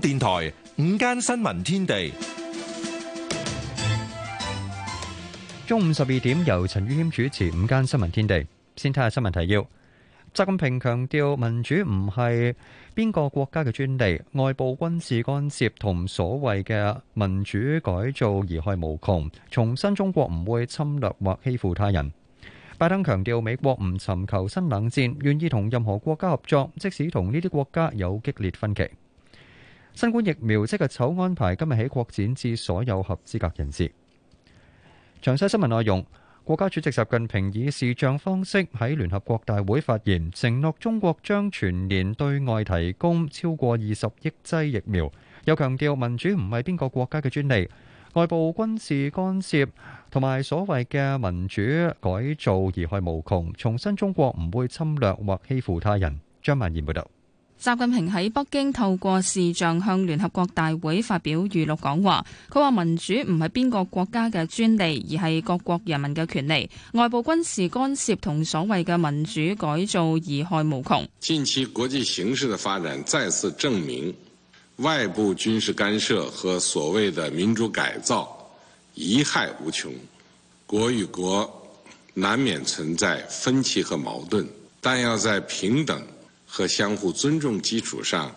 電台午間新聞天地，中午十二點由陳宇謙主持。午間新聞天地，先睇下新聞提要。習近平強調民主唔係邊個國家嘅專利，外部軍事干涉同所謂嘅民主改造，貽害無窮。從新中國唔會侵略或欺負他人。拜登強調美國唔尋求新冷戰，願意同任何國家合作，即使同呢啲國家有激烈分歧。新冠疫苗即日丑安排，今日起擴展至所有合資格人士。詳細新聞內容，國家主席習近平以視像方式喺聯合國大會發言，承諾中國將全年對外提供超過二十億劑疫苗，又強調民主唔係邊個國家嘅專利，外部軍事干涉同埋所謂嘅民主改造，貽害無窮。重申中國唔會侵略或欺負他人。張曼儀報道。習近平喺北京透過視像向聯合國大會發表預錄講話。佢話民主唔係邊個國家嘅專利，而係各國人民嘅權利。外部軍事干涉同所謂嘅民主改造，貽害無窮。近期國際形勢嘅發展再次證明，外部軍事干涉和所謂嘅民主改造貽害無窮。國與國難免存在分歧和矛盾，但要在平等。和相互尊重基礎上，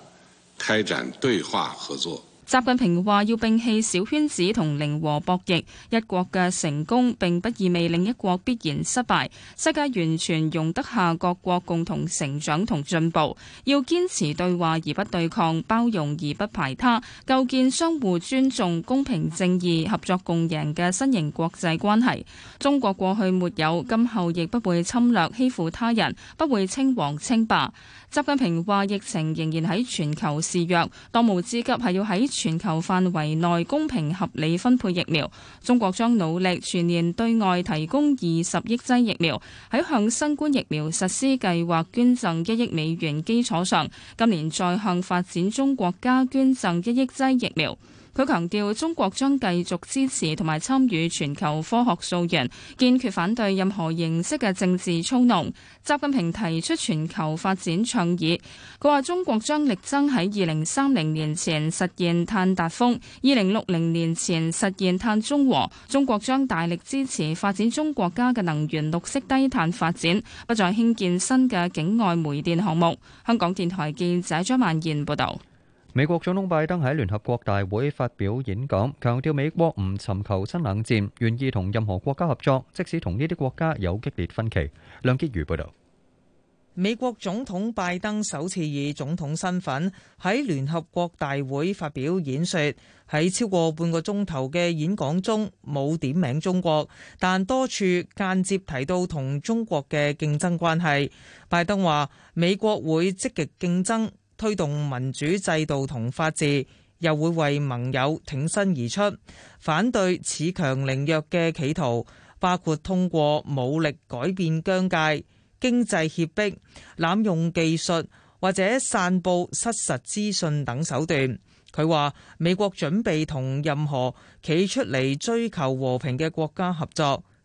開展對話合作。習近平話要摒棄小圈子同零和博弈。一國嘅成功並不意味另一國必然失敗，世界完全容得下各國共同成長同進步。要堅持對話而不對抗，包容而不排他，構建相互尊重、公平正義、合作共贏嘅新型國際關係，中國過去沒有，今後亦不會侵略欺負他人，不會稱王稱霸。習近平話：疫情仍然喺全球肆虐，當務之急係要喺全球範圍內公平合理分配疫苗。中國將努力全年對外提供二十億劑疫苗。喺向新冠疫苗實施計劃捐贈一億美元基礎上，今年再向發展中國家捐贈一億劑疫苗。佢強調，中國將繼續支持同埋參與全球科學溯源，堅決反對任何形式嘅政治操弄。習近平提出全球發展倡議，佢話中國將力爭喺二零三零年前實現碳達峰，二零六零年前實現碳中和。中國將大力支持發展中國家嘅能源綠色低碳發展，不再興建新嘅境外煤電項目。香港電台記者張曼燕報道。美國總統拜登喺聯合國大會發表演講，強調美國唔尋求新冷戰，願意同任何國家合作，即使同呢啲國家有激烈分歧。梁潔如報道。美國總統拜登首次以總統身份喺聯合國大會發表演說。喺超過半個鐘頭嘅演講中，冇點名中國，但多處間接提到同中國嘅競爭關係。拜登話，美國會積極競爭。推動民主制度同法治，又會為盟友挺身而出，反對恃強凌弱嘅企圖，包括通過武力改變疆界、經濟脅迫、濫用技術或者散佈失實資訊等手段。佢話：美國準備同任何企出嚟追求和平嘅國家合作。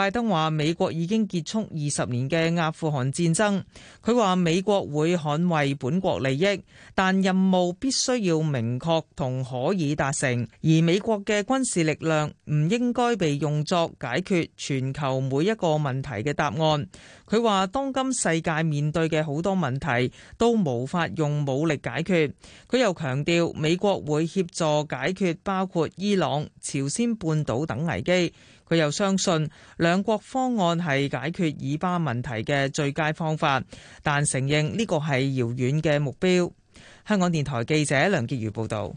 拜登話：美國已經結束二十年嘅阿富汗戰爭。佢話美國會捍衛本國利益，但任務必須要明確同可以達成。而美國嘅軍事力量唔應該被用作解決全球每一個問題嘅答案。佢話當今世界面對嘅好多問題都無法用武力解決。佢又強調美國會協助解決包括伊朗、朝鮮半島等危機。佢又相信兩國方案係解決以巴問題嘅最佳方法，但承認呢個係遙遠嘅目標。香港電台記者梁潔如報道。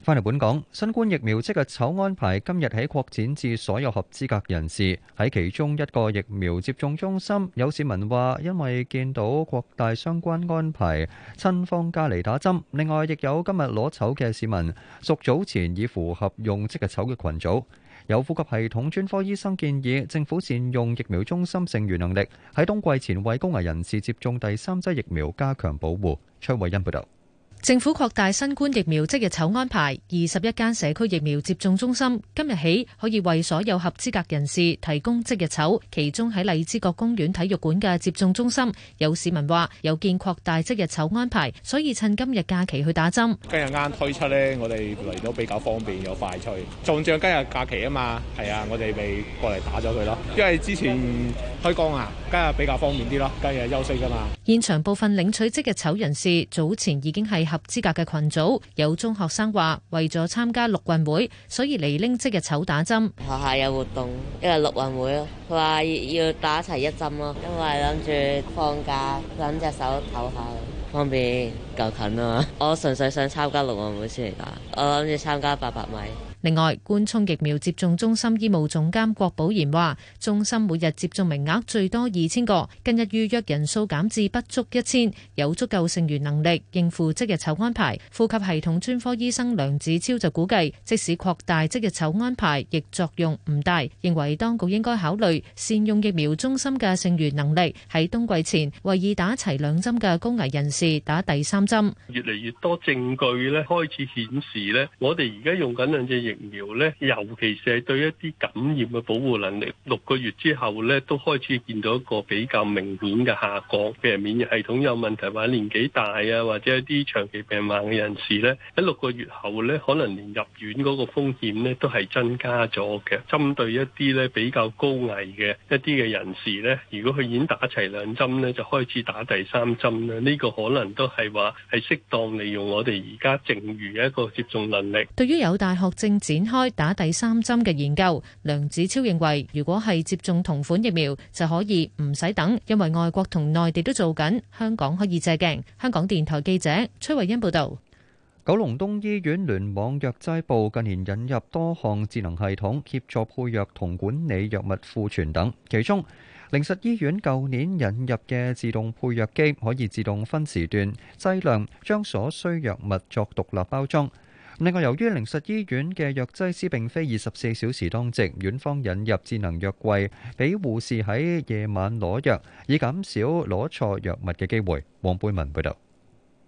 翻嚟本港，新冠疫苗即日籌安排今日起擴展至所有合資格人士喺其中一個疫苗接種中心，有市民話，因為見到各大相關安排親方家嚟打針，另外亦有今日攞籌嘅市民屬早前已符合用即日籌嘅群組。有呼吸系統專科醫生建議，政府善用疫苗中心剩餘能力，喺冬季前為高危人士接種第三劑疫苗，加強保護。崔慧欣報道。政府擴大新冠疫苗即日籌安排，二十一間社區疫苗接種中心今日起可以為所有合資格人士提供即日籌，其中喺荔枝角公園體育館嘅接種中心，有市民話有見擴大即日籌安排，所以趁今日假期去打針。今日啱推出呢，我哋嚟到比較方便又快脆，撞上今日假期啊嘛，係啊，我哋未過嚟打咗佢咯，因為之前開工啊。梗係比較方便啲啦，梗係休息噶嘛。現場部分領取即日籌人士，早前已經係合資格嘅群組。有中學生話，為咗參加陸運會，所以嚟拎即日籌打針。學校有活動，因為陸運會咯，佢話要打齊一針咯。因為諗住放假，諗隻手唞下。方便，夠近啊嘛。我純粹想參加陸運會先嚟打。我諗住參加八百米。另外，冠冲疫苗接種中心醫務總監郭寶賢話，中心每日接種名額最多二千個，近日預約人數減至不足一千，有足夠剩餘能力應付即日籌安排。呼吸系統專科醫生梁子超就估計即使擴大即日籌安排，亦作用唔大，認為當局應該考慮善用疫苗中心嘅剩餘能力，喺冬季前為已打齊兩針嘅高危人士打第三針，越嚟越多證據咧開始顯示咧，我哋而家用緊兩隻疫疫苗咧，尤其是係對一啲感染嘅保護能力，六個月之後咧，都開始見到一個比較明顯嘅下降。譬如免疫系統有問題，或者年紀大啊，或者一啲長期病患嘅人士咧，喺六個月後咧，可能連入院嗰個風險咧都係增加咗嘅。針對一啲咧比較高危嘅一啲嘅人士咧，如果佢已經打齊兩針咧，就開始打第三針啦，呢個可能都係話係適當利用我哋而家剩餘一個接種能力。對於有大學症展開打第三針嘅研究，梁子超認為，如果係接種同款疫苗，就可以唔使等，因為外國同內地都做緊，香港可以借鏡。香港電台記者崔慧欣報導。九龍東醫院聯網藥劑部近年引入多項智能系統，協助配藥同管理藥物庫存等。其中，靈實醫院舊年引入嘅自動配藥機，可以自動分時段劑量，將所需藥物作獨立包裝。另外，由於靈實醫院嘅藥劑師並非二十四小時當值，院方引入智能藥櫃，俾護士喺夜晚攞藥，以減少攞錯藥物嘅機會。黃貝文報道。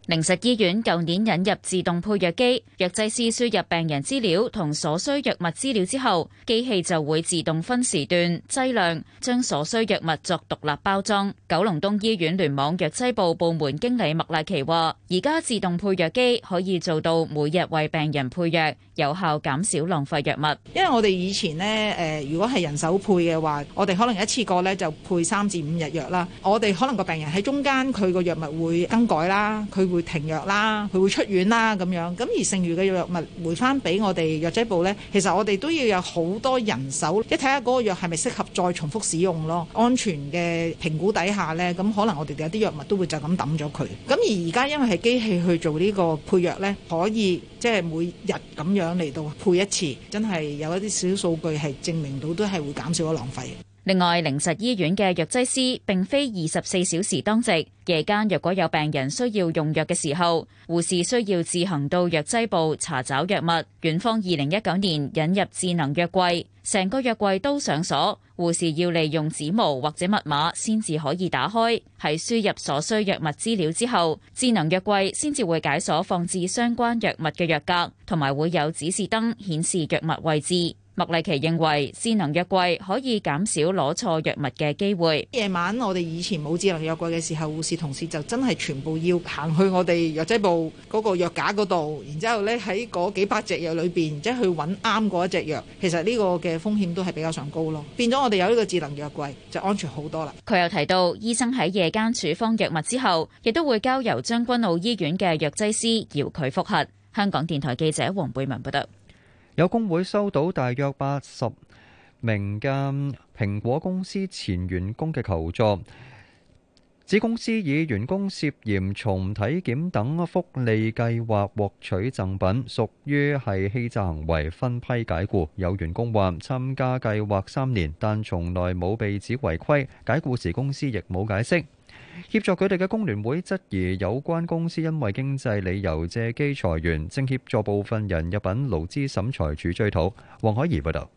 靈實醫院舊年引入自動配藥機，藥劑師輸入病人資料同所需藥物資料之後，機器就會自動分時段、劑量，將所需藥物作獨立包裝。九龍東醫院聯網藥劑部部門經理麥麗琪話，而家自動配藥機可以做到每日為病人配藥。有效減少浪費藥物，因為我哋以前呢，誒、呃，如果係人手配嘅話，我哋可能一次過呢就配三至五日藥啦。我哋可能個病人喺中間，佢個藥物會更改啦，佢會停藥啦，佢會出院啦咁樣。咁而剩餘嘅藥物回翻俾我哋藥劑部呢。其實我哋都要有好多人手一睇下嗰個藥係咪適合再重複使用咯，安全嘅評估底下呢，咁可能我哋有啲藥物都會就咁抌咗佢。咁而而家因為係機器去做呢個配藥呢，可以即係每日咁樣。想嚟到配一次，真係有一啲小數據係證明到，都係會減少咗浪費。另外，靈實醫院嘅藥劑師並非二十四小時當值，夜間若果有病人需要用藥嘅時候，護士需要自行到藥劑部查找藥物。院方二零一九年引入智能藥櫃，成個藥櫃都上鎖，護士要利用指模或者密碼先至可以打開。喺輸入所需藥物資料之後，智能藥櫃先至會解鎖放置相關藥物嘅藥格，同埋會有指示燈顯示藥物位置。麥麗琪認為智能藥櫃可以減少攞錯藥物嘅機會。夜晚我哋以前冇智能藥櫃嘅時候，護士同事就真係全部要行去我哋藥劑部嗰個藥架嗰度，然之後咧喺嗰幾百隻藥裏邊，即係去揾啱嗰一隻藥，其實呢個嘅風險都係比較上高咯。變咗我哋有呢個智能藥櫃就安全好多啦。佢又提到，醫生喺夜間處方藥物之後，亦都會交由將軍澳醫院嘅藥劑師搖佢複核。香港電台記者黃貝文報道。有工會收到大約八十名嘅蘋果公司前員工嘅求助，子公司以員工涉嫌從體檢等福利計劃獲取贈品，屬於係欺詐行為，分批解雇。有員工話參加計劃三年，但從來冇被指違規，解雇時公司亦冇解釋。協助佢哋嘅工聯會質疑有關公司因為經濟理由借機裁員，正協助部分人入稟勞資審裁處追討。黃海怡報道，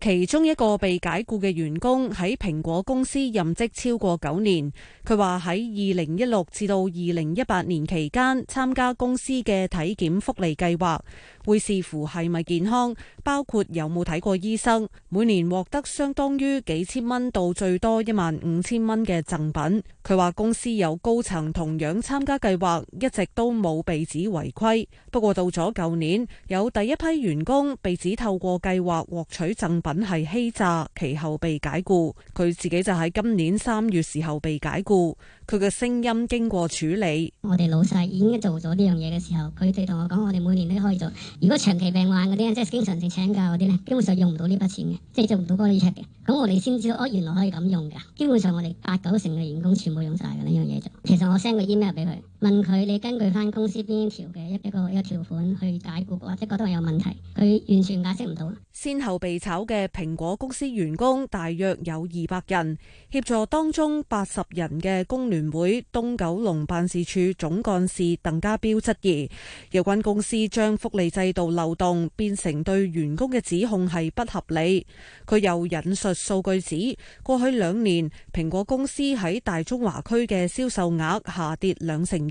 其中一個被解雇嘅員工喺蘋果公司任職超過九年，佢話喺二零一六至到二零一八年期間參加公司嘅體檢福利計劃。會視乎係咪健康，包括有冇睇過醫生，每年獲得相當於幾千蚊到最多一萬五千蚊嘅贈品。佢話公司有高層同樣參加計劃，一直都冇被指違規。不過到咗舊年，有第一批員工被指透過計劃獲取贈品係欺詐，其後被解僱。佢自己就喺今年三月時候被解僱。佢嘅聲音經過處理，我哋老細已經做咗呢樣嘢嘅時候，佢哋同我講，我哋每年都可以做。如果長期病患嗰啲，即係經常性請假嗰啲，基本上用唔到呢筆錢嘅，即係用唔到嗰啲錢嘅。咁我哋先知道，哦，原來可以咁用噶。基本上我哋八九成嘅員工全部用晒嘅，呢樣嘢就。其實我 send 個 email 俾佢，問佢你根據翻公司邊條嘅一一個一個條款去解僱，或者覺得係有問題，佢完全解釋唔到。先後被炒嘅蘋果公司員工大約有二百人，協助當中八十人嘅工聯會東九龍辦事處總幹事鄧家彪質疑，有關公司將福利制度漏洞變成對員工嘅指控係不合理。佢又引述。數據指，過去兩年蘋果公司喺大中華區嘅銷售額下跌兩成二，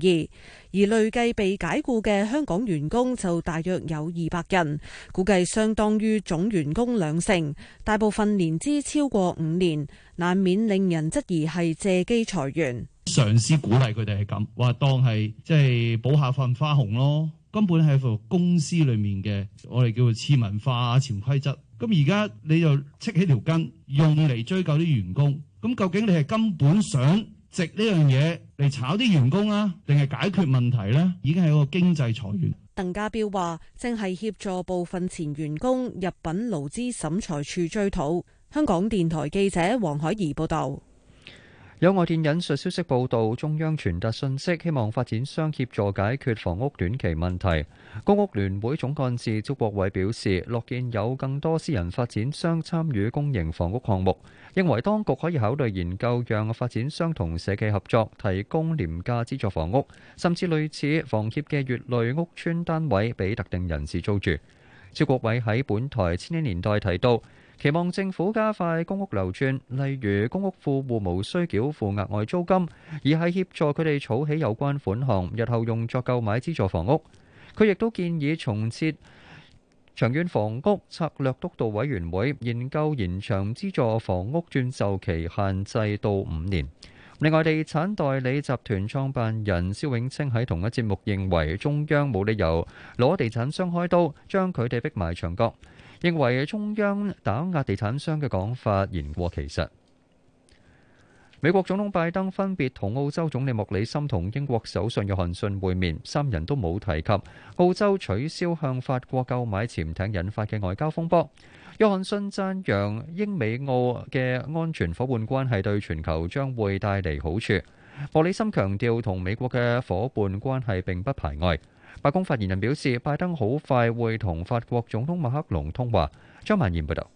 而累計被解僱嘅香港員工就大約有二百人，估計相當於總員工兩成。大部分年資超過五年，難免令人質疑係借機裁員。上司鼓勵佢哋係咁話，當係即係補下份花紅咯。根本係部公司裏面嘅，我哋叫做次文化、潛規則。咁而家你就戚起條筋，用嚟追究啲員工。咁究竟你係根本想藉呢樣嘢嚟炒啲員工啊，定係解決問題呢？已經係一個經濟裁員。鄧家彪話：正係協助部分前員工入禀勞資審裁處追討。香港電台記者黃海怡報道。有外電引述消息報導，中央傳達信息，希望發展商協助解決房屋短期問題。公屋聯會總幹事招國偉表示，樂見有更多私人發展商參與公營房屋項目，認為當局可以考慮研究讓發展商同社企合作，提供廉價資助房屋，甚至類似房協嘅月累屋邨單位俾特定人士租住。招國偉喺本台千禧年代提到。期望政府加快公屋流轉，例如公屋富戶無需繳付額外租金，而係協助佢哋儲起有關款項，日後用作購買資助房屋。佢亦都建議重設長遠房屋策略督導委員會，研究延長資助房屋轉售期限制到五年。另外，地產代理集團創辦人蕭永清喺同一節目認為，中央冇理由攞地產商開刀，將佢哋逼埋牆角。認為中央打壓地產商嘅講法言過其實。美國總統拜登分別同澳洲總理莫里森同英國首相約翰遜會面，三人都冇提及澳洲取消向法國購買潛艇引發嘅外交風波。約翰遜讚揚英美澳嘅安全夥伴關係對全球將會帶嚟好處。莫里森強調同美國嘅夥伴關係並不排外。白宮發言人表示，拜登好快會同法國總統馬克龍通話。張曼燕報道，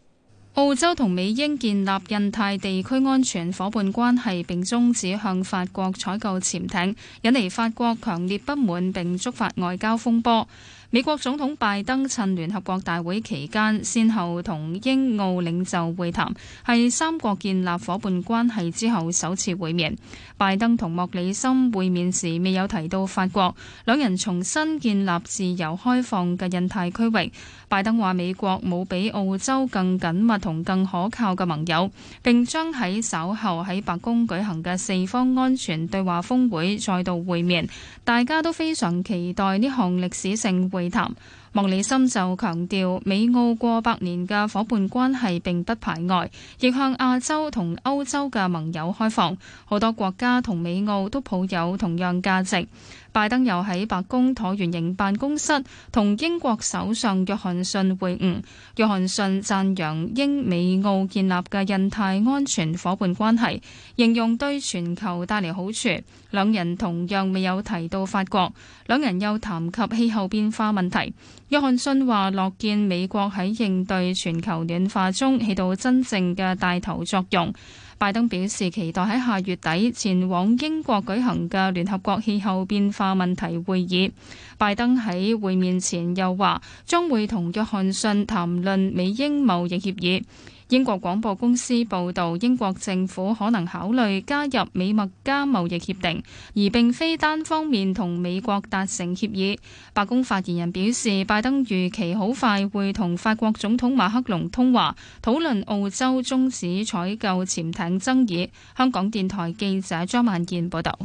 澳洲同美英建立印太地區安全夥伴關係，並終止向法國採購潛艇，引嚟法國強烈不滿，並觸發外交風波。美國總統拜登趁聯合國大會期間，先後同英澳領袖會談，係三國建立夥伴關係之後首次會面。拜登同莫里森會面時未有提到法國，兩人重新建立自由開放嘅印太區域。拜登話美國冇比澳洲更緊密同更可靠嘅盟友，並將喺稍後喺白宮舉行嘅四方安全對話峰會再度會面。大家都非常期待呢項歷史性會談，莫里森就強調美澳過百年嘅夥伴關係並不排外，亦向亞洲同歐洲嘅盟友開放。好多國家同美澳都抱有同樣價值。拜登又喺白宮橢圓形辦公室同英國首相約翰遜會晤，約翰遜讚揚英美澳建立嘅印太安全伙伴關係，形容對全球帶嚟好處。兩人同樣未有提到法國，兩人又談及氣候變化問題。約翰遜話：樂見美國喺應對全球暖化中起到真正嘅帶頭作用。拜登表示期待喺下月底前往英國舉行嘅聯合國氣候變化問題會議。拜登喺會面前又話，將會同約翰遜談論美英貿易協議。英國廣播公司報道，英國政府可能考慮加入美墨加貿易協定，而並非單方面同美國達成協議。白宮發言人表示，拜登預期好快會同法國總統馬克龍通話，討論澳洲終止採購潛艇爭議。香港電台記者張萬健報道。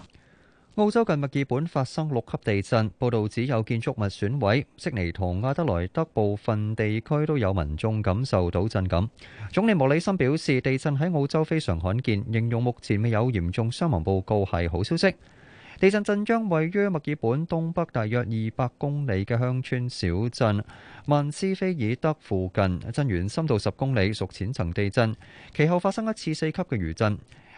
澳洲近墨爾本發生六級地震，報道指有建築物損毀，悉尼同阿德萊德部分地區都有民眾感受到震感。總理莫里森表示，地震喺澳洲非常罕見，形容目前未有嚴重傷亡報告係好消息。地震震央位於墨爾本東北大約二百公里嘅鄉村小鎮曼斯菲爾德附近，震源深度十公里，屬淺層地震。其後發生一次四級嘅餘震。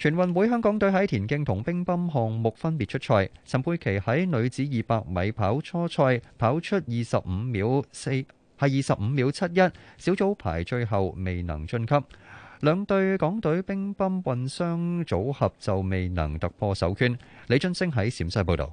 全運會香港隊喺田徑同乒乓項目分別出賽，陳佩琪喺女子二百米跑初賽跑出二十五秒四，係二十五秒七一，小組排最後未能晉級。兩隊港隊乒乓混雙組合就未能突破首圈。李俊升喺陝西報道。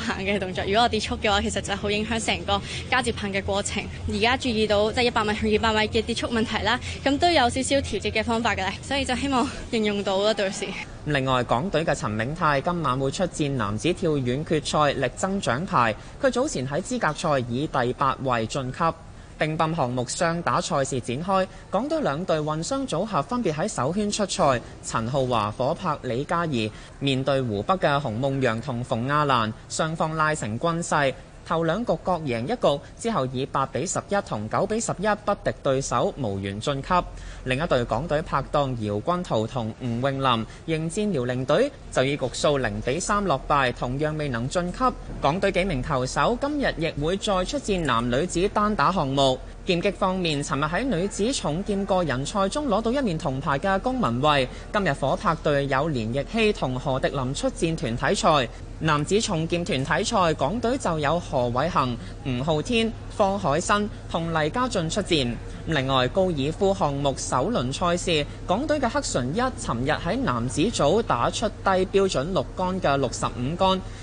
行嘅動作，如果我跌速嘅話，其實就好影響成個加接棒嘅過程。而家注意到即係一百米同二百米嘅跌速問題啦，咁都有少少調節嘅方法嘅咧，所以就希望應用到咯。到時另外，港隊嘅陳銘泰今晚會出戰男子跳遠決賽，力爭獎牌。佢早前喺資格賽以第八位晉級。乒乓球項目雙打賽事展開，港隊兩隊混雙組合分別喺首圈出賽，陳浩華伙拍李嘉怡面對湖北嘅洪夢陽同馮亞蘭，雙方拉成均勢。頭兩局各贏一局之後，以八比十一同九比十一不敵對手，無緣晉級。另一隊港隊拍檔姚君濤同吳泳林迎戰遼寧隊，就以局數零比三落敗，同樣未能晉級。港隊幾名投手今日亦會再出戰男女子單打項目。劍擊方面，尋日喺女子重劍個人賽中攞到一面銅牌嘅江文慧，今日火拍隊有連奕希同何迪林出戰團體賽。男子重劍團體賽，港隊就有何偉恆、吳浩天、方海新同黎家俊出戰。另外，高爾夫項目首輪賽事，港隊嘅黑純一尋日喺男子組打出低標準六杆嘅六十五杆。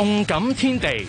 動感天地。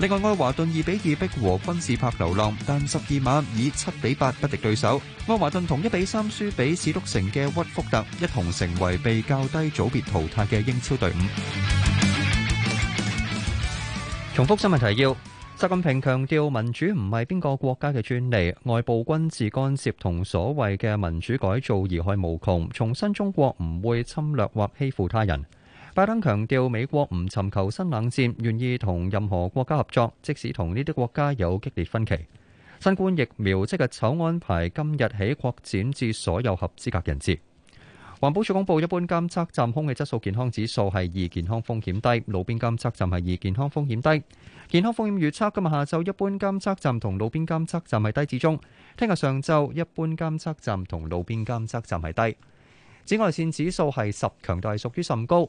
另外，愛華頓二比二逼和軍事拍流浪，但十二晚以七比八不敵對手。愛華頓同一比三輸俾史督城嘅屈福特，一同成為被較低組別淘汰嘅英超隊伍。重複新聞提要：習近平強調，民主唔係邊個國家嘅專利，外部軍事干涉同所謂嘅民主改造，貽害無窮。重申中國唔會侵略或欺負他人。拜登強調，美國唔尋求新冷戰，願意同任何國家合作，即使同呢啲國家有激烈分歧。新冠疫苗即日早安排，今日起擴展至所有合資格人士。環保署公佈，一般監測站空氣質素健康指數係二，健康風險低；路邊監測站係二，健康風險低。健康風險預測今日下晝一般監測站同路邊監測站係低至中，聽日上晝一般監測站同路邊監測站係低。紫外線指數係十，強度，係屬於甚高。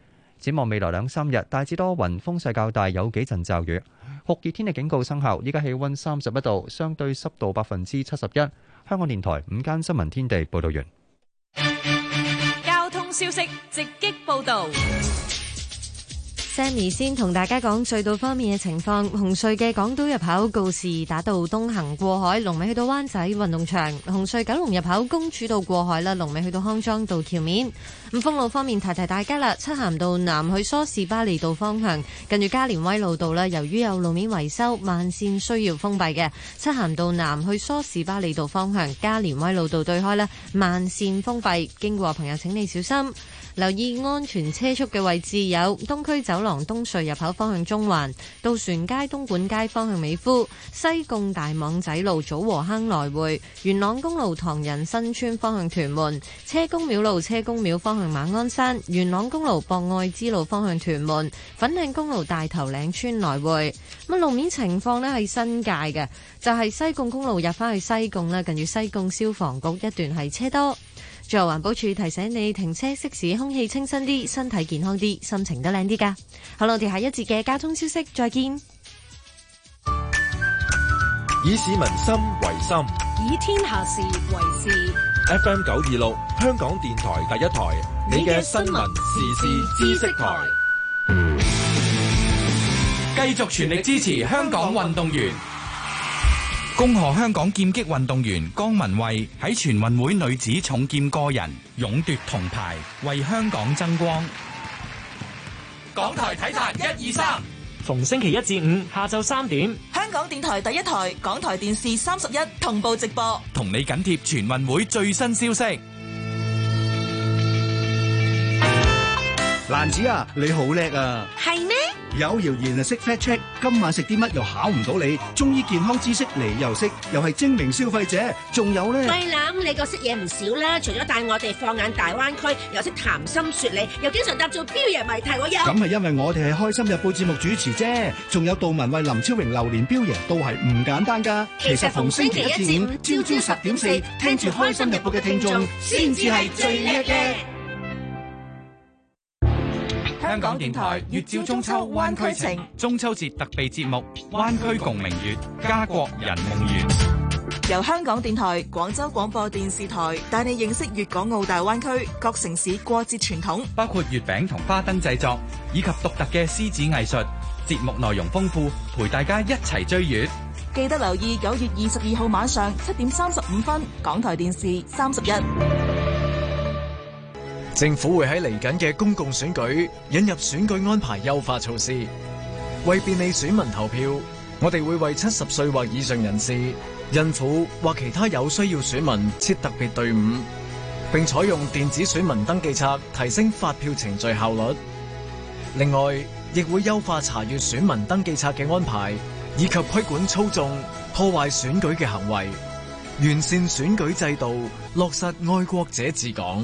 展望未來兩三日，大致多雲，風勢較大，有幾陣驟雨。酷熱天氣警告生效，依家氣温三十一度，相對濕度百分之七十一。香港電台午間新聞天地報導完。交通消息直擊報導。Sammy 先同大家講隧道方面嘅情況，紅隧嘅港島入口告士打道東行過海，龍尾去到灣仔運動場；紅隧九龍入口公主道過海啦，龍尾去到康莊道橋面。咁封路方面提提大家啦，漆咸道南去梳士巴利道方向，近住加連威路道啦，由於有路面維修，慢線需要封閉嘅。漆咸道南去梳士巴利道方向，加連威路道對開咧慢線封閉，經過朋友請你小心。留意安全車速嘅位置有東區走廊東隧入口方向中環、渡船街東莞街方向美孚、西貢大網仔路早禾坑來回、元朗公路唐人新村方向屯門、車公廟路車公廟方向馬鞍山、元朗公路博愛支路方向屯門、粉嶺公路大頭嶺村來回。咁路面情況咧係新界嘅，就係、是、西貢公路入翻去西貢啦，近住西貢消防局一段係車多。做環保署提醒你停車，適時空氣清新啲，身體健康啲，心情都靚啲㗎。好啦，我哋下一節嘅交通消息，再見。以市民心為心，以天下事為事。F M 九二六，26，香港電台第一台，你嘅新聞時事知識台，繼續全力支持香港運動員。恭賀香港劍擊運動員江旻憓喺全運會女子重劍個人勇奪銅牌，為香港爭光。港台體壇一二三，逢星期一至五下晝三點，香港電台第一台、港台電視三十一同步直播，同你緊貼全運會最新消息。蘭子啊，你好叻啊！係咩？有謠言啊識 fact check，今晚食啲乜又考唔到你，中醫健康知識嚟，又識，又係精明消費者，仲有咧？喂諗你個識嘢唔少啦，除咗帶我哋放眼大灣區，又識談心說理，又經常搭做彪爺謎題，我有。咁係因為我哋係開心日報節目主持啫，仲有杜汶惠林超榮榴蓮彪爺都係唔簡單噶。其實逢星期一至五朝朝十點四，聽住開心日報嘅聽眾先至係最叻嘅。香港電台《月照中秋，灣區情》中秋節特備節目《灣區共明月，家國人夢圓》由香港電台、廣州廣播電視台帶你認識粵港澳大灣區各城市過節傳統，包括月餅同花燈製作以及獨特嘅獅子藝術。節目內容豐富，陪大家一齊追月。記得留意九月二十二號晚上七點三十五分，港台電視三十一。政府會喺嚟緊嘅公共選舉引入選舉安排優化措施，為便利選民投票，我哋會為七十歲或以上人士、孕婦或其他有需要選民設特別隊伍，並採用電子選民登記冊，提升發票程序效率。另外，亦會優化查閱選民登記冊嘅安排，以及規管操縱、破壞選舉嘅行為，完善選舉制度，落實愛國者治港。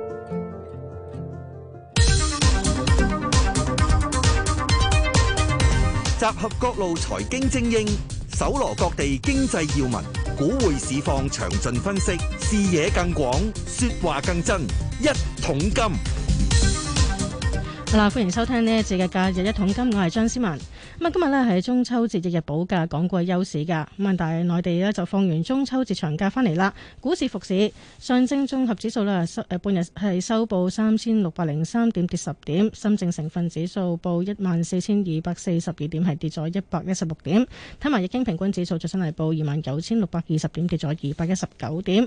集合各路財經精英，搜羅各地經濟要聞，股匯市況詳盡分析，視野更廣，說話更真。一桶金。好啦，歡迎收聽呢一節嘅假日一桶金，我係張思文。咁今日咧係中秋節日日補假，港股休市噶。咁啊，但係內地呢，就放完中秋節長假翻嚟啦。股市復市，上證綜合指數呢、呃，半日係收報三千六百零三點，跌十點；深證成分指數報一萬四千二百四十二點，係跌咗一百一十六點。睇埋日經平均指數最新係報二萬九千六百二十點，跌咗二百一十九點。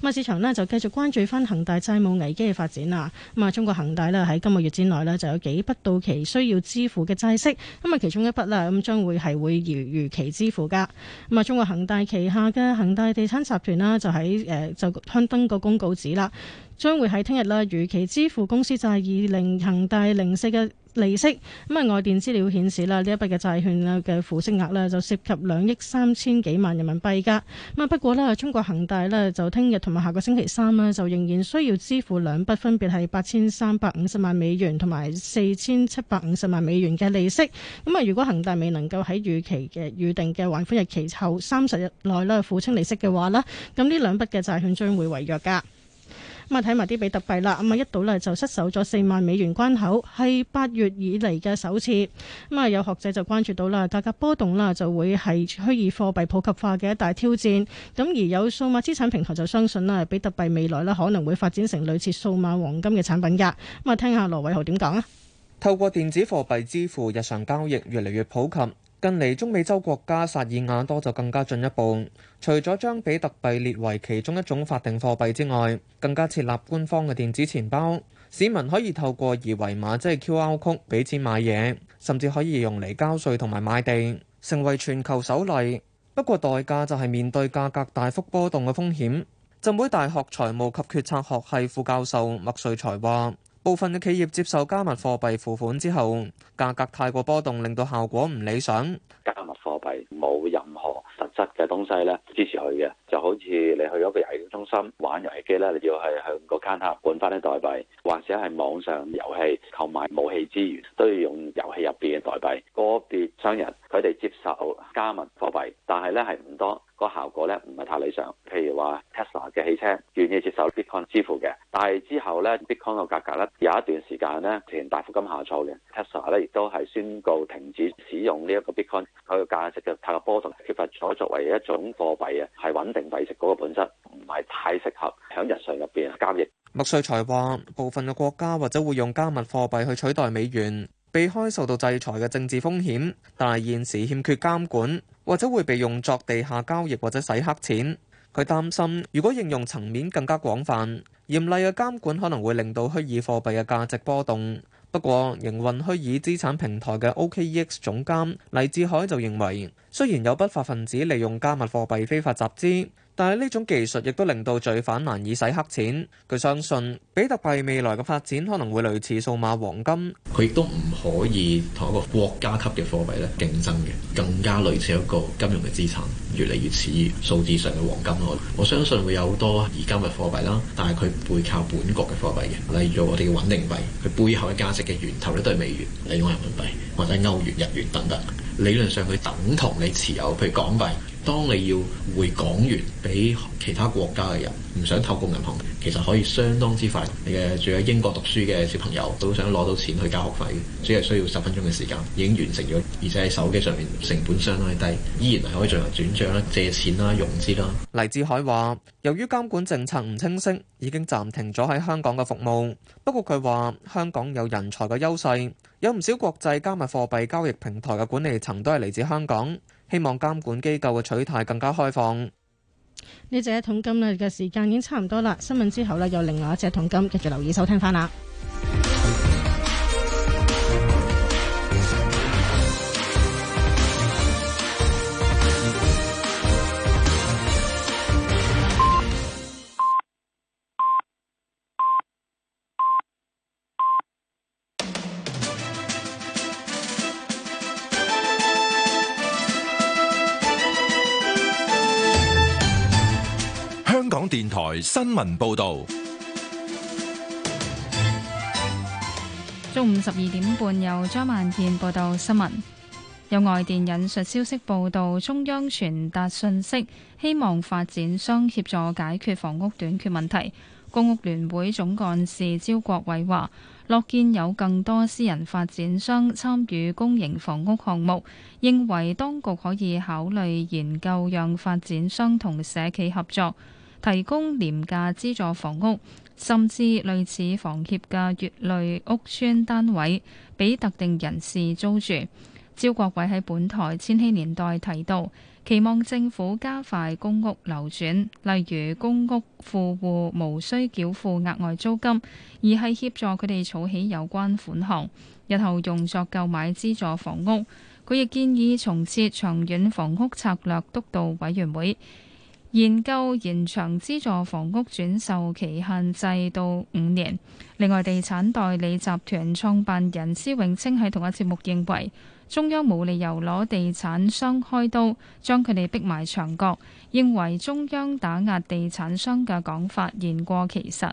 咁啊，市場呢，就繼續關注翻恒大債務危機嘅發展啦。咁啊，中國恒大呢，喺今個月之內呢，就有幾筆到期需要支付嘅債息，咁啊其中一筆啦，咁將會係會如如期支付㗎。咁啊，中國恒大旗下嘅恒大地產集團啦，就喺誒、呃、就刊登個公告紙啦，將會喺聽日啦如期支付公司債二零恒大零四嘅。利息。咁啊，外電資料顯示啦，呢一筆嘅債券啊嘅付息額咧就涉及兩億三千幾萬人民幣噶。咁啊，不過咧，中國恒大咧就聽日同埋下個星期三咧就仍然需要支付兩筆分別係八千三百五十萬美元同埋四千七百五十萬美元嘅利息。咁啊，如果恒大未能夠喺預期嘅預定嘅還款日期後三十日內咧付清利息嘅話咧，咁呢兩筆嘅債券將會違約噶。咁啊，睇埋啲比特幣啦，咁啊一度呢就失守咗四萬美元關口，係八月以嚟嘅首次。咁啊，有學者就關注到啦，價格波動啦，就會係虛擬貨幣普及化嘅一大挑戰。咁而有數碼資產平台就相信啦，比特幣未來咧可能會發展成類似數碼黃金嘅產品㗎。咁啊，聽下羅偉豪點講啊？透過電子貨幣支付日常交易越嚟越普及。近嚟中美洲國家薩爾瓦多就更加進一步，除咗將比特幣列為其中一種法定貨幣之外，更加設立官方嘅電子錢包，市民可以透過二維碼即係 QR Code 俾錢買嘢，甚至可以用嚟交稅同埋買地，成為全球首例。不過代價就係面對價格大幅波動嘅風險。浸會大學財務及決策學系副教授麥瑞才話。部分嘅企業接受加密貨幣付款之後，價格太過波動，令到效果唔理想。加密貨幣冇任何實質嘅東西咧支持佢嘅。就好似你去咗個遊戲中心玩遊戲機咧，你要係向個攤客換翻啲代幣，或者係網上遊戲購買武器資源，都要用遊戲入邊嘅代幣。個別商人佢哋接受加密貨幣，但係咧係唔多，個效果咧唔係太理想。譬如話 Tesla 嘅汽車願意接受 Bitcoin 支付嘅，但係之後咧 Bitcoin 嘅價格咧有一段時間咧突然大幅咁下挫嘅，Tesla 咧亦都係宣告停止使用呢一個 Bitcoin，佢個價值嘅太大波動，缺乏所作為一種貨幣啊係穩定。幣值嗰個本質唔係太適合響日常入邊交易。麥瑞才話：部分嘅國家或者會用加密貨幣去取代美元，避開受到制裁嘅政治風險。但係現時欠缺監管，或者會被用作地下交易或者洗黑錢。佢擔心，如果應用層面更加廣泛，嚴厲嘅監管可能會令到虛擬貨幣嘅價值波動。不過，營運虛擬資產平台嘅 OKEX 總監黎志海就認為，雖然有不法分子利用加密貨幣非法集資。但係呢種技術亦都令到罪犯難以洗黑錢。佢相信比特幣未來嘅發展可能會類似數碼黃金。佢亦都唔可以同一個國家級嘅貨幣咧競爭嘅，更加類似一個金融嘅資產，越嚟越似數字上嘅黃金咯。我相信會有好多而家嘅貨幣啦，但係佢背靠本國嘅貨幣嘅，例如我哋嘅穩定幣，佢背後嘅價值嘅源頭咧都係美元，利用人民幣或者歐元、日元等等。理論上佢等同你持有譬如港幣。當你要回港元俾其他國家嘅人，唔想透過銀行，其實可以相當之快。你嘅住喺英國讀書嘅小朋友都想攞到錢去交學費嘅，只係需要十分鐘嘅時間，已經完成咗，而且喺手機上面成本相當低，依然係可以進行轉賬啦、借錢啦、融資啦。黎志海話：由於監管政策唔清晰，已經暫停咗喺香港嘅服務。不過佢話香港有人才嘅優勢，有唔少國際加密貨幣交易平台嘅管理層都係嚟自香港。希望監管機構嘅取態更加開放。呢隻一桶金嘅時間已經差唔多啦，新聞之後咧有另外一隻桶金，繼續留意收聽翻啦。新聞報導，中午十二點半有張萬健報道新聞。有外電引述消息報道，中央傳達訊息，希望發展商協助解決房屋短缺問題。公屋聯會總幹事招國偉話，樂見有更多私人發展商參與公營房屋項目，認為當局可以考慮研究讓發展商同社企合作。提供廉價資助房屋，甚至類似房協嘅乙類屋邨單位，俾特定人士租住。招國偉喺本台千禧年代提到，期望政府加快公屋流轉，例如公屋富戶無需繳付額外租金，而係協助佢哋儲起有關款項，日後用作購買資助房屋。佢亦建議重設長遠房屋策略督導委員會。研究延長資助房屋轉售期限制到五年。另外，地產代理集團創辦人施永青喺同一節目認為，中央冇理由攞地產商開刀，將佢哋逼埋牆角。認為中央打壓地產商嘅講法言過其實。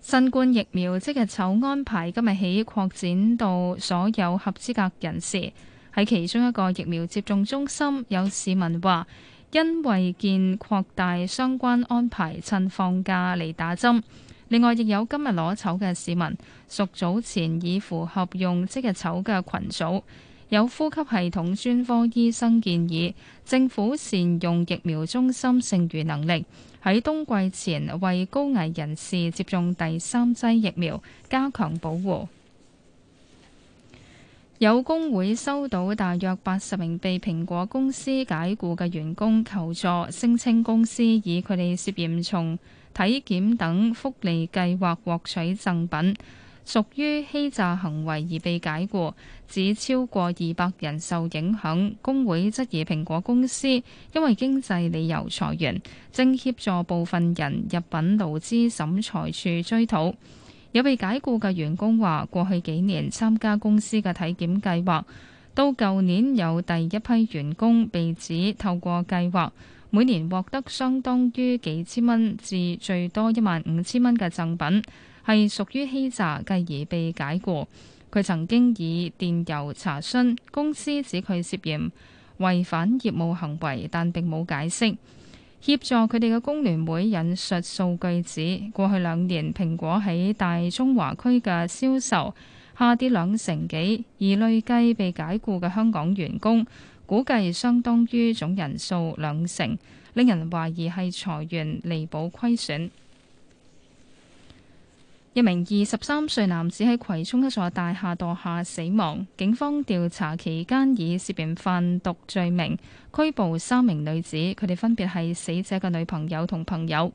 新冠疫苗即日籌安排，今日起擴展到所有合資格人士。喺其中一個疫苗接種中心，有市民話。因為見擴大相關安排，趁放假嚟打針。另外，亦有今日攞籌嘅市民屬早前已符合用即日籌嘅群組。有呼吸系統專科醫生建議，政府善用疫苗中心剩餘能力，喺冬季前為高危人士接種第三劑疫苗，加強保護。有工會收到大約八十名被蘋果公司解雇嘅員工求助，聲稱公司以佢哋涉嫌從體檢等福利計劃獲取贈品，屬於欺詐行為而被解雇，指超過二百人受影響，工會質疑蘋果公司因為經濟理由裁員，正協助部分人入禀勞資審裁處追討。有被解雇嘅員工話：過去幾年參加公司嘅體檢計劃，到舊年有第一批員工被指透過計劃每年獲得相當於幾千蚊至最多一萬五千蚊嘅贈品，係屬於欺詐，繼而被解雇。佢曾經以電郵查詢，公司指佢涉嫌違反業務行為，但並冇解釋。協助佢哋嘅工聯會引述數據指，過去兩年蘋果喺大中華區嘅銷售下跌兩成幾，而累計被解雇嘅香港員工估計相當於總人數兩成，令人懷疑係裁員彌補虧損。一名二十三歲男子喺葵涌一座大廈墮下死亡。警方調查期間以涉嫌販毒罪名拘捕三名女子，佢哋分別係死者嘅女朋友同朋友。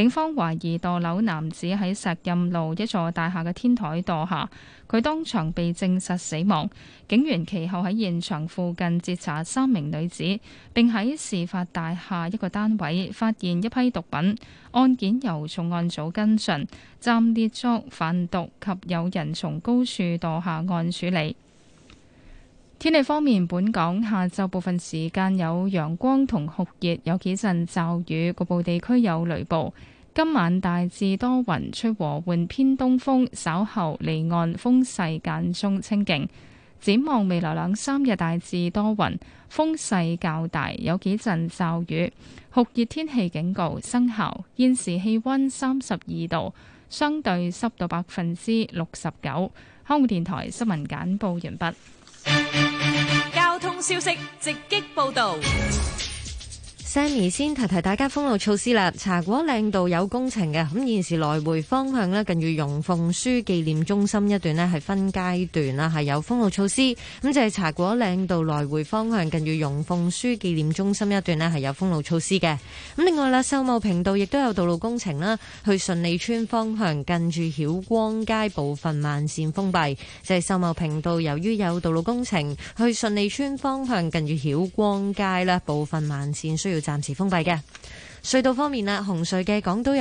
警方懷疑墮樓男子喺石蔭路一座大廈嘅天台墮下，佢當場被證實死亡。警員其後喺現場附近截查三名女子，並喺事發大廈一個單位發現一批毒品。案件由重案組跟進，暫列作販毒及有人從高處墮下案處理。天氣方面，本港下晝部分時間有陽光同酷熱，有幾陣驟雨，局部地區有雷暴。今晚大致多雲，吹和緩偏東風，稍後離岸風勢間中清勁。展望未來兩三日大致多雲，風勢較大，有幾陣驟雨。酷熱天氣警告生效。現時氣温三十二度，相對濕度百分之六十九。香港電台新聞簡報完畢。 消息直擊報道。Yes. Sammy 先提提大家封路措施啦。茶果嶺道有工程嘅，咁現時來回方向咧，近住容鳳書紀念中心一段咧，係分階段啦，係有封路措施。咁就係、是、茶果嶺道來回方向近住容鳳書紀念中心一段咧，係有封路措施嘅。咁另外啦，秀茂坪道亦都有道路工程啦，去順利村方向近住曉光街部分慢綫封閉，就係秀茂坪道由於有道路工程，去順利村方向近住曉光街啦、就是，部分慢綫需要。暫時封閉嘅隧道方面啦，紅隧嘅港島。